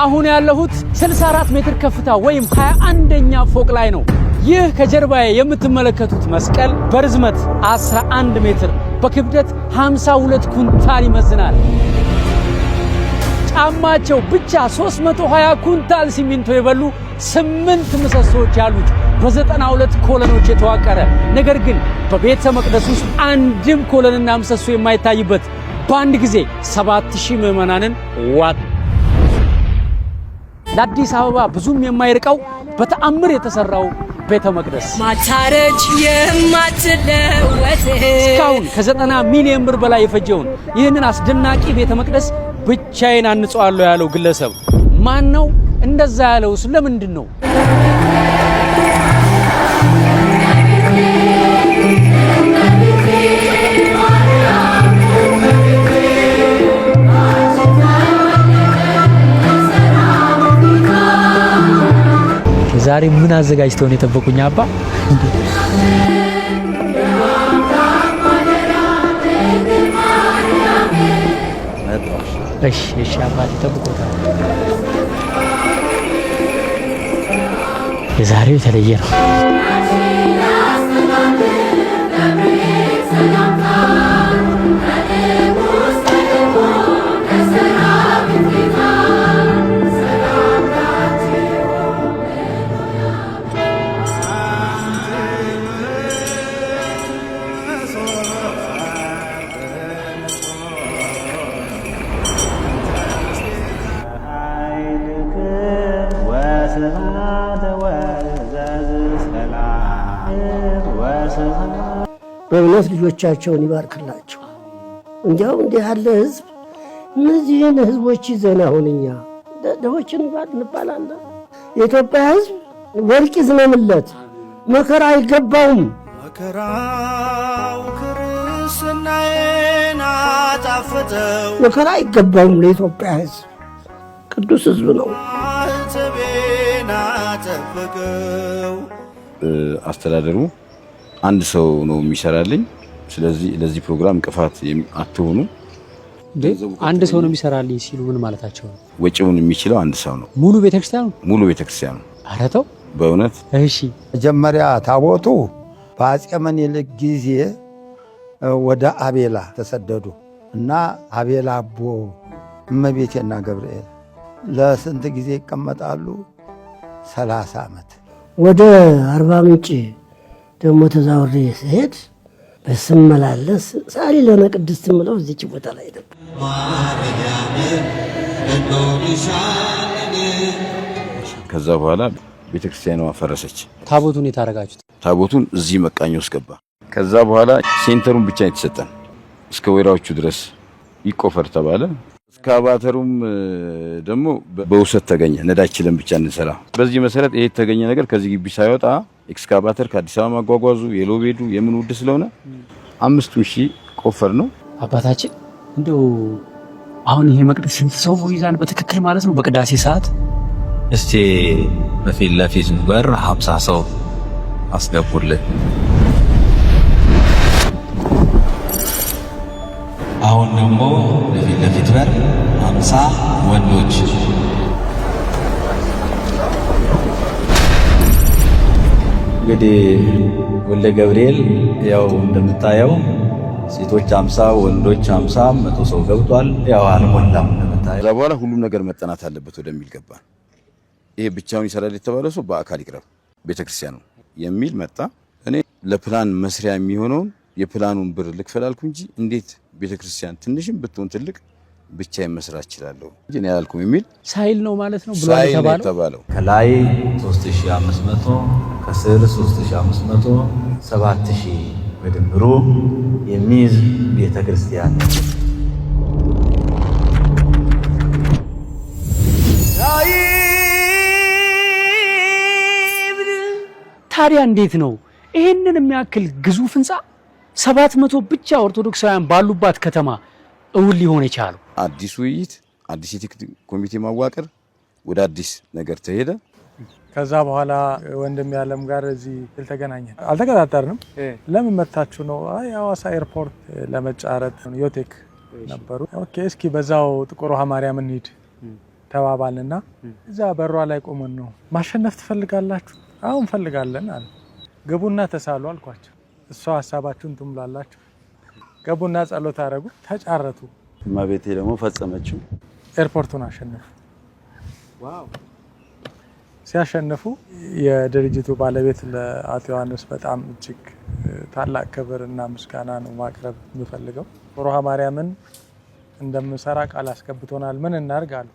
አሁን ያለሁት 64 ሜትር ከፍታ ወይም 21ኛ ፎቅ ላይ ነው። ይህ ከጀርባዬ የምትመለከቱት መስቀል በርዝመት 11 ሜትር በክብደት 52 ኩንታል ይመዝናል። ጫማቸው ብቻ 320 ኩንታል ሲሚንቶ የበሉ ስምንት ምሰሶዎች ያሉት በ92 ኮለኖች የተዋቀረ ነገር ግን በቤተ መቅደስ ውስጥ አንድም ኮለንና ምሰሶ የማይታይበት በአንድ ጊዜ 7000 ምዕመናንን ዋጥ ለአዲስ አበባ ብዙም የማይርቀው በተአምር የተሰራው ቤተ መቅደስ ማታረጅ የማትለወጥ እስካሁን ከዘጠና ሚሊዮን ብር በላይ የፈጀውን ይህንን አስደናቂ ቤተ መቅደስ ብቻዬን አንጸዋለሁ ያለው ግለሰብ ማን ነው? እንደዛ ያለውስ ለምንድን ነው? ዛሬ ምን አዘጋጅተው ነው የጠበቁኝ አባ? እሺ እሺ፣ አባቴ ጠብቆታል። የዛሬው የተለየ ነው። በእውነት ልጆቻቸውን ይባርክላቸው። እንዲያው እንዲህ ያለ ህዝብ እነዚህን ህዝቦች ይዘን አሁን እኛ ድሆችን እንባላለን። የኢትዮጵያ ህዝብ ወርቅ ይዝነምለት፣ መከራ አይገባውም። መከራው ክርስትናዬን አጣፈጠው። መከራ አይገባውም ለኢትዮጵያ ህዝብ። ቅዱስ ህዝብ ነው። አስተዳደሩ አንድ ሰው ነው የሚሰራልኝ። ስለዚህ ለዚህ ፕሮግራም እንቅፋት አትሆኑ። አንድ ሰው ነው የሚሰራልኝ ሲሉ ምን ማለታቸው ነው? ወጪውን የሚችለው አንድ ሰው ነው። ሙሉ ቤተክርስቲያኑ ሙሉ ቤተክርስቲያኑ። ኧረ ተው በእውነት እሺ። መጀመሪያ ታቦቱ በአፄ ምኒልክ ጊዜ ወደ አቤላ ተሰደዱ እና አቤላ አቦ እመቤቴና ገብርኤል ለስንት ጊዜ ይቀመጣሉ? ሰላሳ ዓመት ወደ አርባ ምንጭ ደግሞ ተዛውሬ ስሄድ በስመላለስ ሳሊ ለነ ቅድስት ምለው እዚች ቦታ ላይ ከዛ በኋላ ቤተክርስቲያኗ ፈረሰች። ታቦቱን የታረጋችሁት? ታቦቱን እዚህ መቃኝ ውስጥ ገባ። ከዛ በኋላ ሴንተሩን ብቻ የተሰጠን እስከ ወይራዎቹ ድረስ ይቆፈር ተባለ። እስከ አባተሩም ደግሞ በውሰት ተገኘ። ነዳችለን ብቻ እንሰራ። በዚህ መሰረት ይሄ የተገኘ ነገር ከዚህ ግቢ ሳይወጣ ኤክስካቫተር ከአዲስ አበባ ማጓጓዙ የሎቤዱ የምን ውድ ስለሆነ አምስቱን ሺህ ቆፈር ነው። አባታችን እንደው አሁን ይሄ መቅደስ ስንት ሰው ይዛን በትክክል ማለት ነው? በቅዳሴ ሰዓት እስቲ በፊት ለፊት በር ሀምሳ ሰው አስገቡልን። አሁን ደግሞ በፊት ለፊት በር ሀምሳ ወንዶች እንግዲህ ወልደ ገብርኤል ያው እንደምታየው ሴቶች አምሳ ወንዶች አምሳ መቶ ሰው ገብቷል። ያው አልሞላም እንደምታየው። ከዛ በኋላ ሁሉም ነገር መጠናት አለበት ወደሚል ገባ። ይሄ ብቻውን ይሰራል የተባለ ሰው በአካል ይቅረብ ቤተክርስቲያኑ የሚል መጣ። እኔ ለፕላን መስሪያ የሚሆነውን የፕላኑን ብር ልክፈላልኩ እንጂ እንዴት ቤተክርስቲያን ትንሽም ብትሆን ትልቅ ብቻ መስራት እችላለሁ እንጂ ያልኩም የሚል ሳይል ነው ማለት ነው ብሎ የተባለው። ከላይ 3500 ከስር 3500 7000 በድምሩ የሚይዝ ቤተ ክርስቲያን ነው። ታዲያ እንዴት ነው ይህንን የሚያክል ግዙፍ ህንፃ ሰባት መቶ ብቻ ኦርቶዶክሳውያን ባሉባት ከተማ እውን ሊሆን የቻለው? አዲስ ውይይት፣ አዲስ የቴክኒክ ኮሚቴ ማዋቀር፣ ወደ አዲስ ነገር ተሄደ። ከዛ በኋላ ወንድም ያለም ጋር እዚህ ተገናኘን። አልተቀጣጠርንም። ለምን መታችሁ ነው? የአዋሳ ኤርፖርት ለመጫረት ዮቴክ ነበሩ። ኦኬ እስኪ በዛው ጥቁር ውሃ ማርያም እንሂድ ተባባልንና እዛ በሯ ላይ ቆመን ነው ማሸነፍ ትፈልጋላችሁ? አሁን እንፈልጋለን አለ። ግቡና ተሳሉ አልኳቸው። እሷ ሀሳባችሁን ትሙላላችሁ። ገቡና ጸሎት አደረጉ፣ ተጫረቱ። እመቤቴ ደግሞ ፈጸመችው። ኤርፖርቱን አሸነፉ። ሲያሸንፉ የድርጅቱ ባለቤት ለአቶ ዮሐንስ በጣም እጅግ ታላቅ ክብር እና ምስጋና ነው ማቅረብ የምፈልገው። ሮሃ ማርያምን እንደምሰራ ቃል አስገብቶናል፣ ምን እናድርግ አሉ።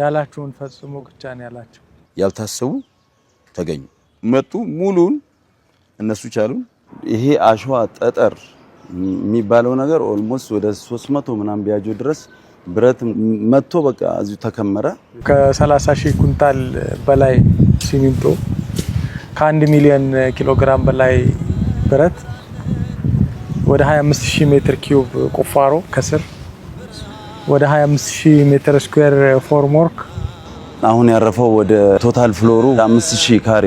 ያላችሁን ፈጽሞ ብቻ ነው ያላቸው። ያልታሰቡ ተገኙ፣ መጡ፣ ሙሉን እነሱ ቻሉን። ይሄ አሸዋ ጠጠር የሚባለው ነገር ኦልሞስት ወደ 300 ምናምን ቢያጆ ድረስ ብረት መጥቶ በቃ እዚሁ ተከመረ። ከ30 ሺህ ኩንታል በላይ ሲሚንቶ ከአንድ ሚሊዮን ኪሎ ግራም በላይ ብረት ወደ 25ሺህ ሜትር ኪዩብ ቁፋሮ ከስር ወደ 25ሺህ ሜትር ስኩዌር ፎርም አሁን ያረፈው ወደ ቶታል ፍሎሩ 5000 ካሬ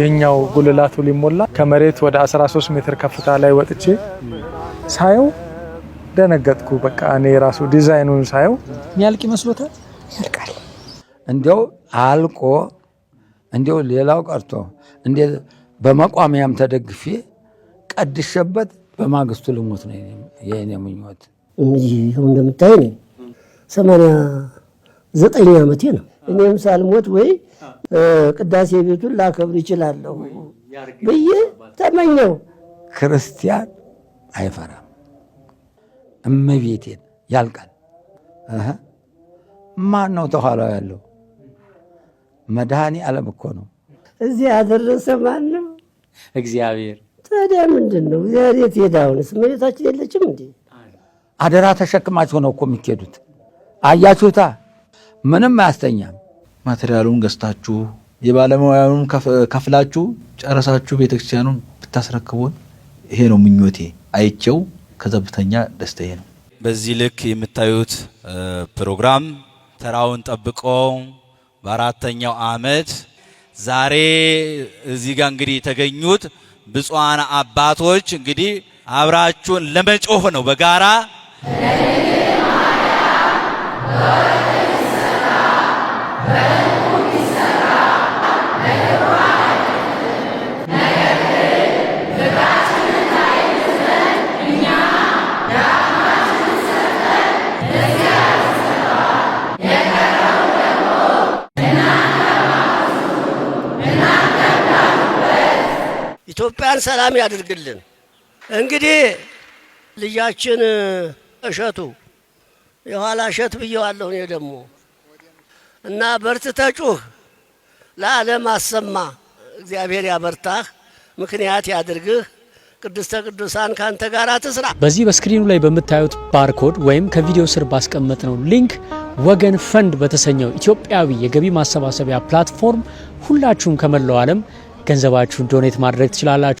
የኛው ጉልላቱ ሊሞላ ከመሬት ወደ 13 ሜትር ከፍታ ላይ ወጥቼ ሳየው ደነገጥኩ። በቃ እኔ ራሱ ዲዛይኑን ሳየው የሚያልቅ ይመስሎታል? ያልቃል። እንዲያው አልቆ እንዲያው ሌላው ቀርቶ እንደ በመቋሚያም ተደግፌ ቀድሸበት በማግስቱ ልሞት ነው የኔ ምኞት እንጂ እንደምታይ ነው ሰማንያ ዘጠኝ ዓመቴ ነው። እኔም ሳልሞት ወይ ቅዳሴ ቤቱን ላከብር ይችላለሁ ብዬ ተመኘው። ክርስቲያን አይፈራም። እመቤቴን ያልቃል። ማን ነው ተኋላው ያለው? መድኃኔ ዓለም እኮ ነው። እዚህ ያደረሰ ማን ነው? እግዚአብሔር። ታዲያ ምንድን ነው እግዚአብሔር የት ሄደ? አሁንስ እመቤታችን የለችም እንዴ? አደራ ተሸክማችሁ ነው እኮ የሚኬዱት። አያችሁታ ምንም አያስተኛም። ማቴሪያሉን ገዝታችሁ የባለሙያውን ከፍላችሁ ጨረሳችሁ ቤተክርስቲያኑን ብታስረክቡን፣ ይሄ ነው ምኞቴ። አይቸው ከዘብተኛ ደስተዬ ነው። በዚህ ልክ የምታዩት ፕሮግራም ተራውን ጠብቆ በአራተኛው ዓመት ዛሬ እዚህ ጋር እንግዲህ የተገኙት ብፁዓን አባቶች እንግዲህ አብራችሁን ለመጮህ ነው በጋራ ኢትዮጵያን ሰላም ያድርግልን። እንግዲህ ልጃችን እሸቱ የኋላ እሸት ብየዋለሁ። እኔ ደግሞ እና በርት ተጩህ ለዓለም አሰማ። እግዚአብሔር ያበርታህ፣ ምክንያት ያድርግህ ቅድስተ ቅዱሳን ካንተ ጋር ትስራ። በዚህ በስክሪኑ ላይ በምታዩት ባርኮድ ወይም ከቪዲዮ ስር ባስቀመጥነው ሊንክ ወገን ፈንድ በተሰኘው ኢትዮጵያዊ የገቢ ማሰባሰቢያ ፕላትፎርም ሁላችሁም ከመላው ዓለም ገንዘባችሁን ዶኔት ማድረግ ትችላላችሁ።